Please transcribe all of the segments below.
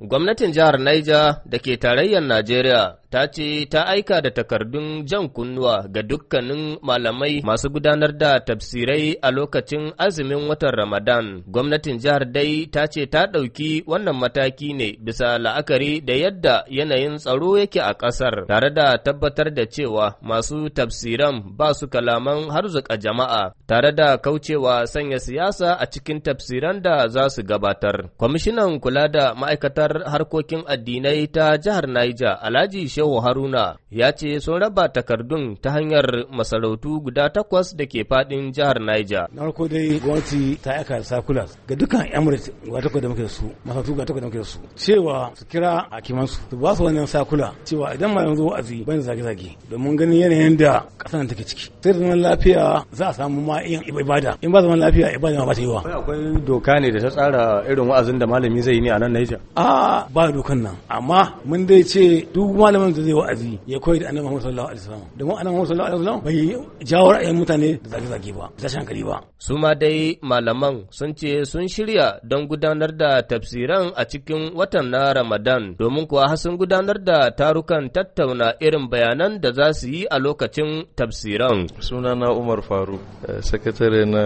Gwamnatin jihar Niger da ke tarayyar Najeriya ta ce ta aika da takardun jan kunnuwa ga dukkanin malamai masu gudanar da tafsirai a lokacin azumin watan Ramadan. Gwamnatin jihar dai ta ce ta ɗauki wannan mataki ne bisa la'akari da yadda yanayin tsaro yake a ƙasar, tare da tabbatar da cewa masu tafsiran ba su kalaman harzuka jama'a, tare da kaucewa sanya siyasa a cikin tafsiran da za su gabatar. Kwamishinan kula da ma'aikatar harkokin addinai ta jihar Niger, Alhaji Shehu Haruna ya ce sun raba takardun ta hanyar masarautu guda takwas da ke fadin jihar Niger. Na farko dai gwamnati ta aika sakula ga dukkan Emirates guda takwas da muke su, masarautu guda takwas da muke su, cewa su kira hakimansu su ba su wannan sakula cewa idan malam yanzu wa'azi bayan zage-zage domin ganin yanayin da ƙasar take ciki. Sai da zaman lafiya za a samu ma yin ibada, in ba zaman lafiya ibada ma ba ta yi wa. Akwai doka ne da ta tsara irin wa'azin da malami zai yi ne a nan Niger. A ba dokan nan, amma mun dai ce duk malamin wani da zai wa'azi ya koyi da annabi Muhammad sallallahu alaihi wasallam domin annabi Muhammad sallallahu alaihi wasallam bai jawo ra'ayin mutane da zage-zage ba da shankali ba su ma dai malaman sun ce sun shirya don gudanar da tafsiran a cikin watan na Ramadan domin kuwa har sun gudanar da tarukan tattauna irin bayanan da za su yi a lokacin tafsiran sunana Umar Faruk eh, sakatare na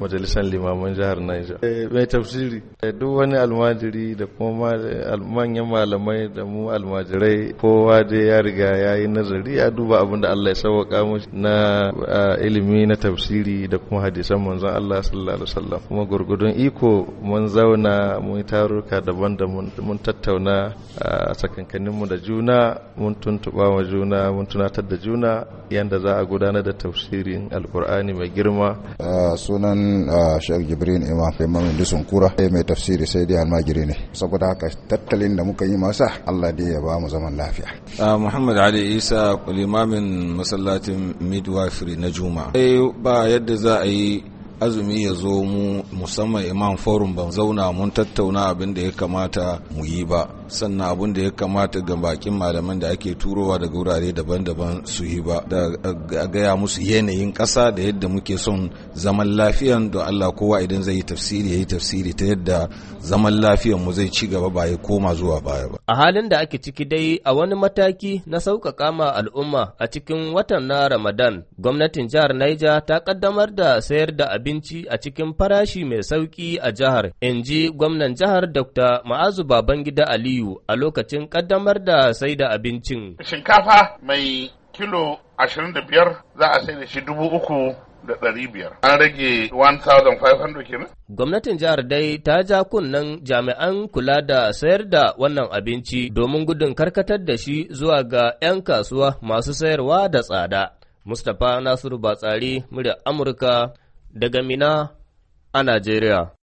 majalisar limaman jihar Niger eh, mai tafsiri eh, duk wani almajiri da kuma manyan malamai da mu almajirai ko kowa dai ya riga ya yi nazari ya duba abin da Allah ya sauka mu na ilimi na tafsiri da kuma hadisan manzon Allah sallallahu alaihi wasallam kuma gurgudun iko mun zauna mun taruka daban da mun tattauna a sakankanin mu da juna mun tuntuba wa juna mun tunatar da juna yanda za a gudanar da tafsirin alkur'ani mai girma sunan Sheikh Jibrin Imam Imam Dusun Kura eh, mai tafsiri sai dai almajiri ne saboda haka tattalin da muka yi masa Allah dai ya ba mu zaman lafiya Ah, Muhammad Ali Isa limamin masallacin midwifery na Juma. Eh, ba yadda za a yi azumi ya zo mu musamman imam forum ban zauna mun tattauna abin da ya kamata mu yi ba sannan abun da ya kamata ga bakin malaman da ake turowa daga wurare daban-daban su yi ba da gaya musu yanayin ƙasa da yadda muke son zaman lafiyan da Allah kowa idan zai yi tafsiri ya yi tafsiri ta yadda zaman lafiyan mu zai ci gaba ba ya koma zuwa baya ba. A halin da ake ciki dai a wani mataki na sauƙaƙa ma al'umma a cikin watan na Ramadan gwamnatin jihar Niger ta ƙaddamar da sayar da abinci a cikin farashi mai sauƙi a jihar in ji gwamnan jihar Dr. Ma'azu Babangida Aliyu biyu a lokacin ƙaddamar da sai da abincin. Shinkafa mai kilo ashirin da biyar za a sai da shi dubu uku da ɗari biyar. An rage 1,500 kenan? Gwamnatin jihar dai ta ja kunnen jami'an kula da sayar da wannan abinci domin gudun karkatar da shi zuwa ga 'yan kasuwa masu sayarwa da tsada. Mustapha Nasiru Batsari, murya Amurka, daga Mina a Najeriya.